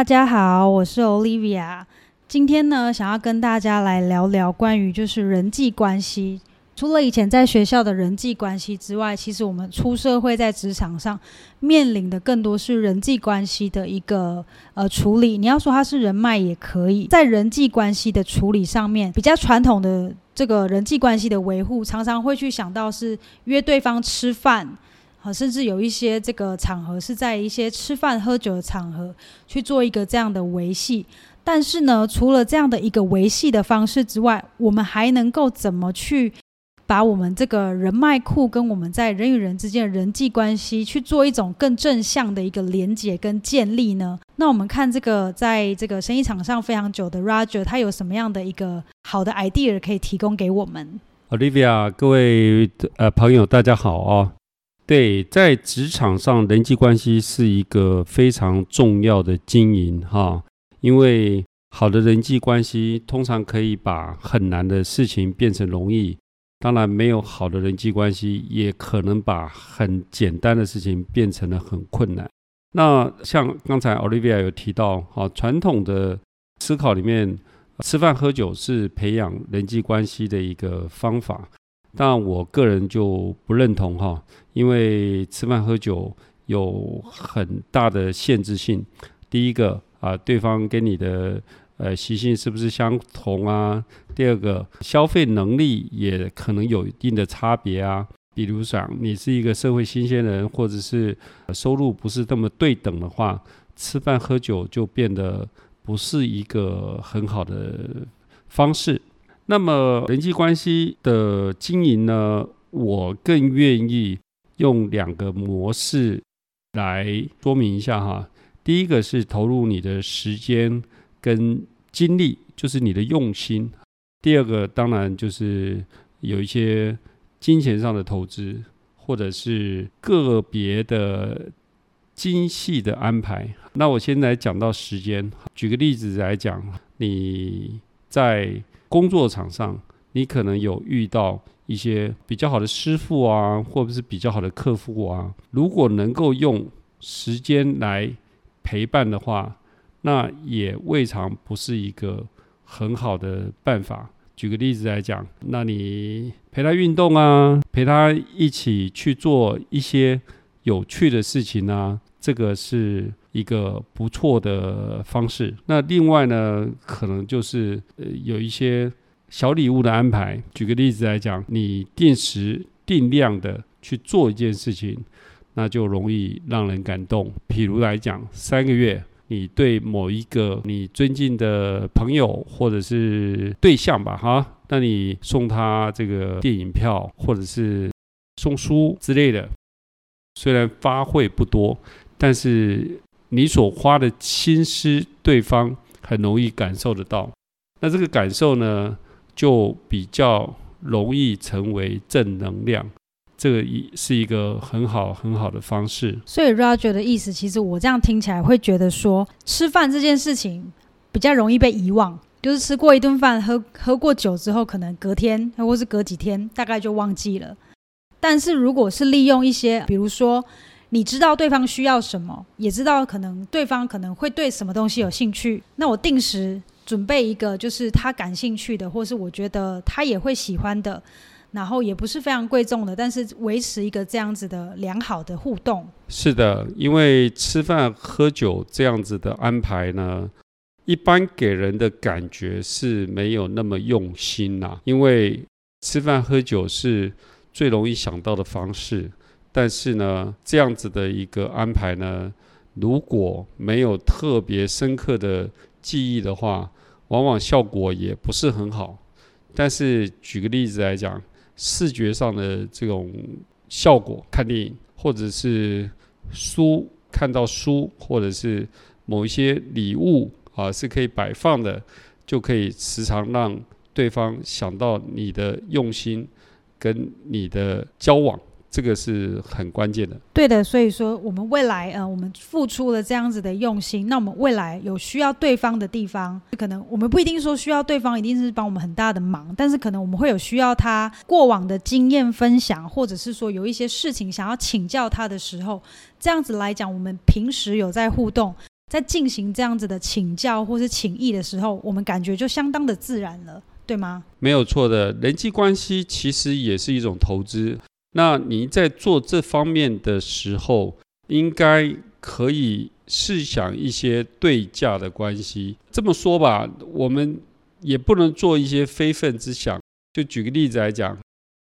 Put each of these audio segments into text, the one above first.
大家好，我是 Olivia。今天呢，想要跟大家來聊聊關於就是人際關係。除了以前在學校的人際關係之外，其實我們出社會在職場上面臨的更多是人際關係的一個呃處理。你要說它是人脈也可以，在人際關係的處理上面，比較傳統的這個人際關係的維護，常常會去想到是約對方吃飯。好，甚至有一些這個場合是在一些吃飯喝酒的場合去做一個這樣的維繫。但是呢，除了這樣的一個維繫的方式之外，我們還能夠怎麼去把我們這個人脈庫跟我們在人與人之間的人際關係去做一種更正向的一個連接跟建立呢？那我們看這個在這個生意場上非常久的 Roger，他有什麼樣的一個好的 idea 可以提供給我們？Olivia，各位呃朋友，大家好啊、哦。對，在職場上，人際關係是一個非常重要的經營哈。因為好的人際關係，通常可以把很難的事情變成容易。當然，沒有好的人際關係，也可能把很簡單的事情變成了很困難。那像剛才 Olivia 有提到，哈傳統的思考裡面，吃飯喝酒是培養人際關係的一個方法。但我個人就不認同哈，因為吃飯喝酒有很大的限制性。第一個啊，對方跟你的呃習性是不是相同啊？第二個，消費能力也可能有一定的差別啊。比如講，你是一個社會新鮮人，或者是收入不是這麼對等的話，吃飯喝酒就變得不是一個很好的方式。那麼人際關係的經營呢，我更願意用兩個模式來說明一下哈。第一個是投入你的時間跟精力，就是你的用心；第二個當然就是有一些金錢上的投資，或者是個別的精細的安排。那我先來講到時間，舉個例子來講，你。在工作場上，你可能有遇到一些比較好的師傅啊，或者是比較好的客戶啊。如果能夠用時間來陪伴的話，那也未嘗不是一個很好的辦法。舉個例子來講，那你陪他運動啊，陪他一起去做一些有趣的事情啊，這個是。一個不錯的方式。那另外呢，可能就是、呃、有一些小禮物的安排。舉個例子來講，你定時定量的去做一件事情，那就容易讓人感動。譬如來講，三個月你對某一個你尊敬的朋友或者是對象吧，哈，那你送他這個電影票或者是送書之類的，雖然花費不多，但是，你所花的心思，對方很容易感受得到。那這個感受呢，就比較容易成為正能量。這個一是一個很好很好的方式。所以，Roger 的意思，其實我這樣聽起來會覺得說，吃飯這件事情比較容易被遺忘，就是吃過一頓飯、喝喝過酒之後，可能隔天或是隔幾天，大概就忘記了。但是，如果是利用一些，比如說，你知道對方需要什麼，也知道可能對方可能會對什麼東西有興趣。那我定時準備一個，就是他感興趣的，或是我覺得他也會喜歡的，然後也不是非常貴重的，但是維持一個這樣子的良好的互動。是的，因為吃飯喝酒這樣子的安排呢，一般給人的感覺是沒有那麼用心吶，因為吃飯喝酒是最容易想到的方式。但是呢，這樣子的一個安排呢，如果沒有特別深刻的記憶的話，往往效果也不是很好。但是舉個例子來講，視覺上的這種效果，看電影或者是書，看到書或者是某一些禮物啊，是可以擺放的，就可以時常讓對方想到你的用心跟你的交往。這個是很關鍵的。對的，所以說我們未來呃，我們付出了這樣子的用心，那我們未來有需要對方的地方，可能我們不一定說需要對方一定是幫我們很大的忙，但是可能我們會有需要他過往的經驗分享，或者是說有一些事情想要請教他的時候，這樣子來講，我們平時有在互動，在進行這樣子的請教或是請益的時候，我們感覺就相當的自然了，對嗎？沒有錯的，人際關係其實也是一種投資。那你在做這方面的時候，應該可以試想一些對價的關係。這麼說吧，我們也不能做一些非分之想。就舉個例子來講，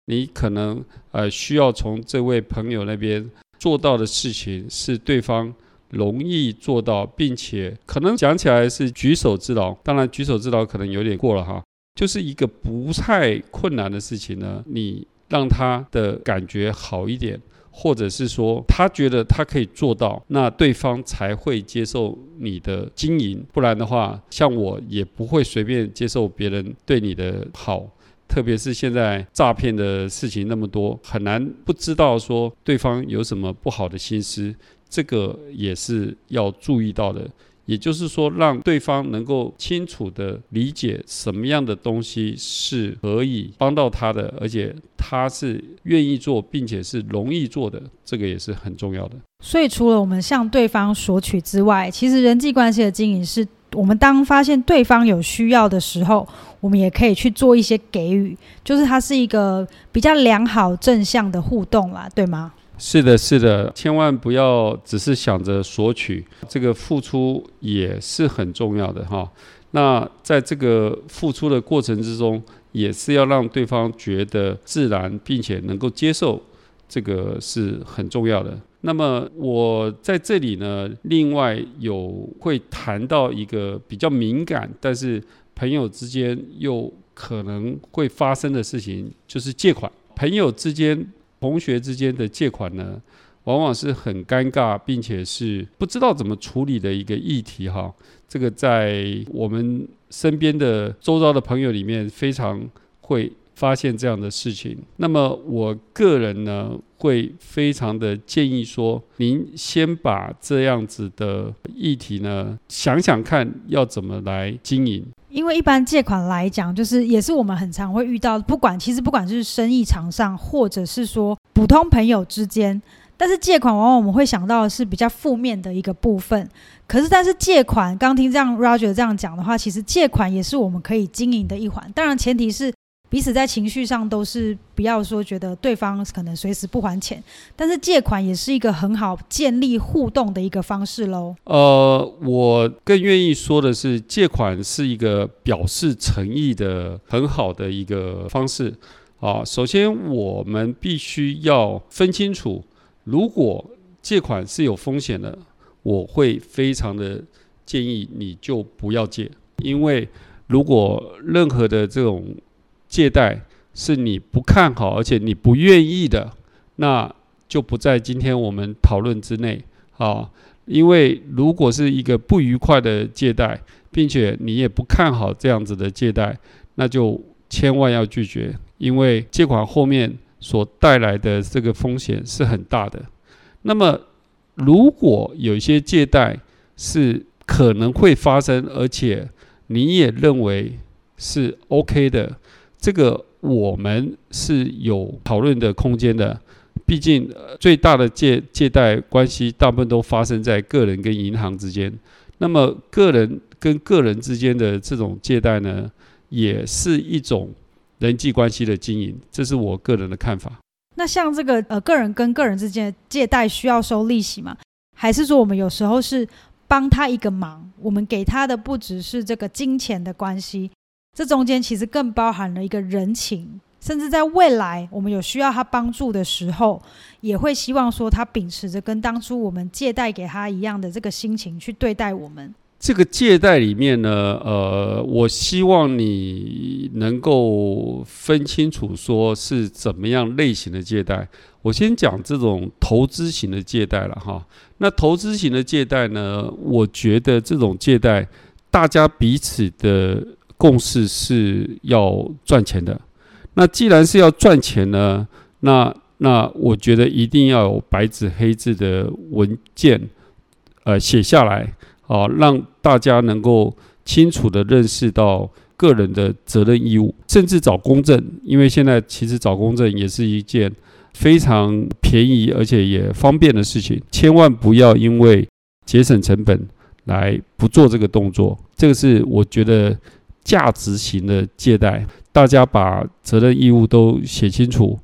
你可能呃需要從這位朋友那邊做到的事情是對方容易做到，並且可能講起來是舉手之勞。當然，舉手之勞可能有點過了哈，就是一個不太困難的事情呢，你。讓他的感覺好一點，或者是說他覺得他可以做到，那對方才會接受你的經營。不然的話，像我也不會隨便接受別人對你的好，特別是現在詐騙的事情那麼多，很難不知道說對方有什麼不好的心思，這個也是要注意到的。也就是說，讓對方能夠清楚地理解什麼樣的東西是可以幫到他的，而且他是願意做，並且是容易做的，這個也是很重要的。所以，除了我們向對方索取之外，其實人際關係的經營是，我們當發現對方有需要的時候，我們也可以去做一些給予，就是它是一個比較良好正向的互動啦，對嗎？是的，是的，千萬不要只是想着索取，這個付出也是很重要的哈。那在這個付出的過程之中，也是要讓對方覺得自然，並且能夠接受，這個是很重要的。那麼我在這裡呢，另外有會談到一個比較敏感，但是朋友之間又可能會發生的事情，就是借款。朋友之間。同學之間的借款呢，往往是很尷尬，並且是不知道怎麼處理的一個議題哈。這個在我們身邊的周遭的朋友裡面，非常會發現這樣的事情。那麼我個人呢，會非常的建議說，您先把這樣子的議題呢，想想看要怎麼來經營。因為一般借款來講，就是也是我們很常會遇到，不管其實不管是生意場上，或者是說普通朋友之間，但是借款往往我們會想到的是比較負面的一個部分。可是，但是借款，剛聽這樣 Roger 這樣講的話，其實借款也是我們可以經營的一環，當然前提是。彼此在情緒上都是不要說覺得對方可能隨時不還錢，但是借款也是一個很好建立互動的一個方式嘍。呃，我更願意說的是，借款是一個表示誠意的很好的一個方式。啊，首先我們必須要分清楚，如果借款是有風險的，我會非常的建議你就不要借，因為如果任何的這種。借貸是你不看好，而且你不願意的，那就不在今天我們討論之內啊。因為如果是一個不愉快的借貸，並且你也不看好這樣子的借貸，那就千萬要拒絕，因為借款後面所帶來的這個風險是很大的。那麼，如果有一些借貸是可能會發生，而且你也認為是 OK 的。這個我們是有討論的空間的，畢竟最大的借借貸關係大部分都發生在個人跟銀行之間。那麼個人跟個人之間的這種借貸呢，也是一種人際關係的經營，這是我個人的看法。那像這個呃個人跟個人之間的借貸需要收利息嗎？還是說我們有時候是幫他一個忙，我們給他的不只是這個金錢的關係。這中間其實更包含了一個人情，甚至在未來我們有需要他幫助的時候，也會希望說他秉持着跟當初我們借貸給他一樣的這個心情去對待我們。這個借貸裡面呢，呃，我希望你能夠分清楚說是怎麼樣類型的借貸。我先講這種投資型的借貸了哈。那投資型的借貸呢，我覺得這種借貸大家彼此的。共識是要賺錢的，那既然是要賺錢呢那，那那我覺得一定要有白紙黑字的文件，呃，寫下來啊，讓大家能夠清楚地認識到個人的責任義務，甚至找公證，因為現在其實找公證也是一件非常便宜而且也方便的事情，千萬不要因為節省成本來不做這個動作，這個是我覺得。價值型的借貸，大家把責任義務都寫清楚，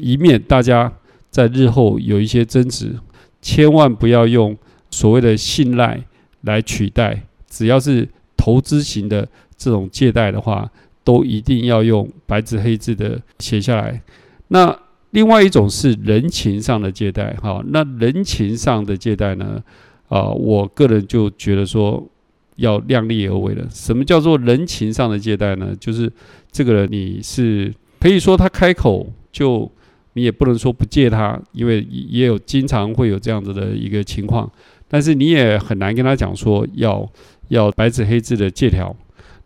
以免大家在日後有一些爭執。千萬不要用所謂的信賴來取代，只要是投資型的這種借貸的話，都一定要用白紙黑字的寫下來。那另外一種是人情上的借貸，哈，那人情上的借貸呢，啊、呃，我個人就覺得說。要量力而為的。什麼叫做人情上的借貸呢？就是這個人你是可以說他開口就你也不能說不借他，因為也有經常會有這樣子的一個情況。但是你也很難跟他講說要要白紙黑字的借條。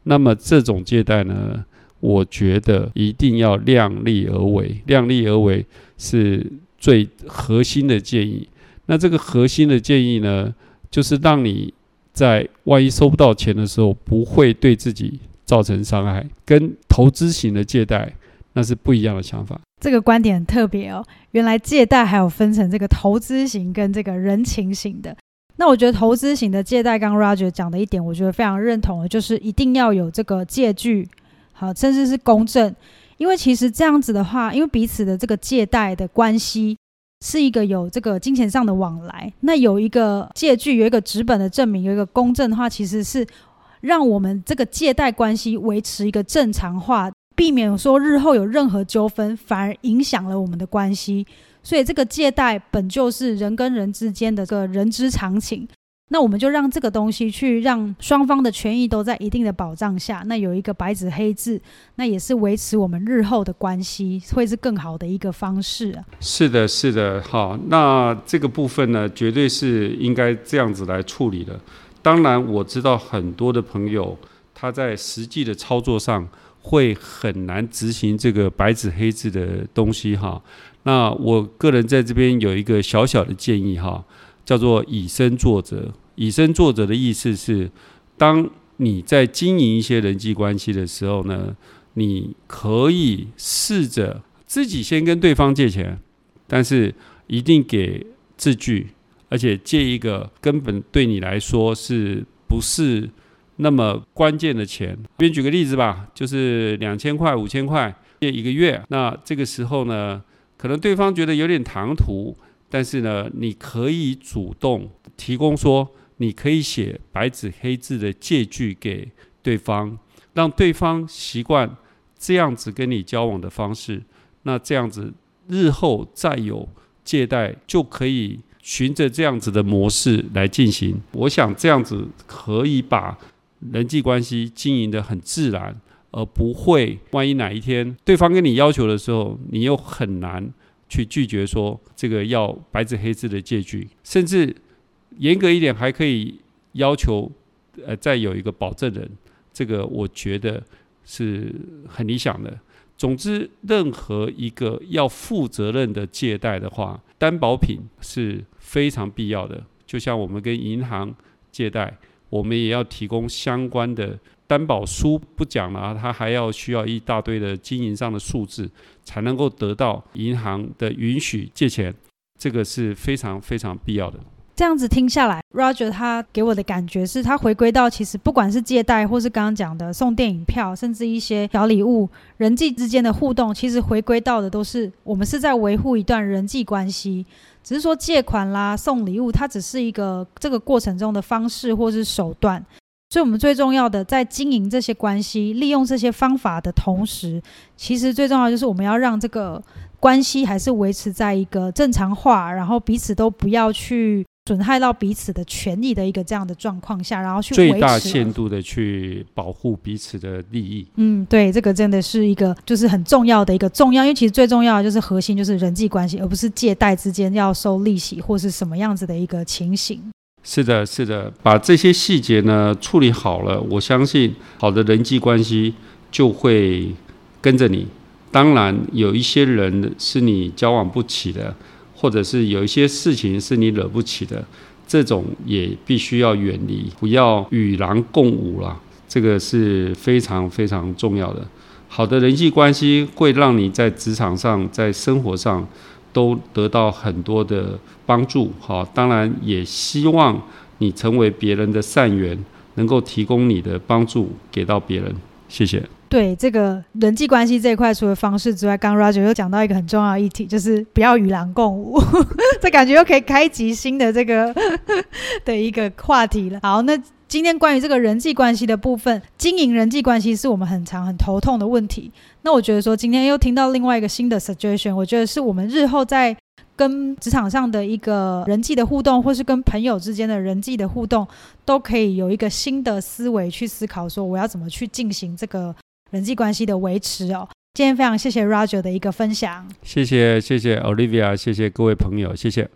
那麼這種借貸呢，我覺得一定要量力而為。量力而為是最核心的建議。那這個核心的建議呢，就是讓你。在萬一收不到錢的時候，不會對自己造成傷害，跟投資型的借貸那是不一樣的想法。這個觀點很特別哦，原來借貸還有分成這個投資型跟這個人情型的。那我覺得投資型的借貸，剛剛 Roger 講的一點，我覺得非常認同的，就是一定要有這個借據，好甚至是公證，因為其實這樣子的話，因為彼此的這個借貸的關係。是一個有這個金錢上的往來，那有一個借據，有一個紙本的證明，有一個公證的話，其實是讓我們這個借貸關係維持一個正常化，避免說日後有任何糾紛，反而影響了我們的關係。所以，這個借貸本就是人跟人之間的這個人之常情。那我們就讓這個東西去讓雙方的權益都在一定的保障下，那有一個白紙黑字，那也是維持我們日後的關係會是更好的一個方式啊。是的，是的，哈，那這個部分呢，絕對是應該這樣子來處理的。當然，我知道很多的朋友他在實際的操作上會很難執行這個白紙黑字的東西，哈。那我個人在這邊有一個小小的建議，哈，叫做以身作則。以身作則的意思是，當你在經營一些人際關係的時候呢，你可以試着自己先跟對方借錢，但是一定給字據，而且借一個根本對你來說是不是那麼關鍵的錢。我給你舉個例子吧，就是兩千塊、五千塊借一個月。那這個時候呢，可能對方覺得有點唐突，但是呢，你可以主動提供說。你可以寫白紙黑字的借據給對方，讓對方習慣這樣子跟你交往的方式。那這樣子日後再有借貸，就可以循着這樣子的模式來進行。我想這樣子可以把人際關係經營得很自然，而不會萬一哪一天對方跟你要求的時候，你又很難去拒絕說這個要白紙黑字的借據，甚至。嚴格一點，還可以要求呃再有一個保證人，這個我覺得是很理想的。總之，任何一個要負責任的借貸的話，擔保品是非常必要的。就像我們跟銀行借貸，我們也要提供相關的擔保書，不講了啊，它還要需要一大堆的經營上的數字，才能夠得到銀行的允許借錢。這個是非常非常必要的。這樣子聽下來，Roger 他給我的感覺是，他回歸到其實不管是借貸，或是剛剛講的送電影票，甚至一些小禮物，人際之間的互動，其實回歸到的都是我們是在維護一段人際關係。只是說借款啦、送禮物，它只是一個這個過程中的方式或是手段。所以，我們最重要的在經營這些關係、利用這些方法的同時，其實最重要的就是我們要讓這個關係還是維持在一個正常化，然後彼此都不要去。損害到彼此的權益的一個這樣的狀況下，然後去最大限度的去保護彼此的利益。嗯，對，這個真的是一個就是很重要的一個重要，因為其實最重要的就是核心就是人際關係，而不是借貸之間要收利息或是什麼樣子的一個情形。是的，是的，把這些細節呢，處理好了，我相信好的人際關係就會跟着你。當然，有一些人是你交往不起的。或者是有一些事情是你惹不起的，這種也必須要遠離，不要與狼共舞了。這個是非常非常重要的。好的人際關係會讓你在職場上、在生活上都得到很多的幫助。好，哦，當然也希望你成為別人的善緣，能夠提供你的幫助給到別人。謝謝。對，這個人際關係這一塊，除了方式之外，剛 Roger 又講到一個很重要的議題，就是不要與狼共舞。 這感覺又可以開啟新的這個 的一個話題了。好，那今天關於這個人際關係的部分，經營人際關係是我們很常很頭痛的問題。那我覺得說，今天又聽到另外一個新的 suggestion，我覺得是我們日後在跟職場上的一個人際的互動，或是跟朋友之間的人際的互動，都可以有一個新的思維去思考，說我要怎麼去進行這個。人際關係的維持哦，今天非常謝謝 Roger 的一個分享，謝謝謝謝 Olivia，謝謝各位朋友，謝謝。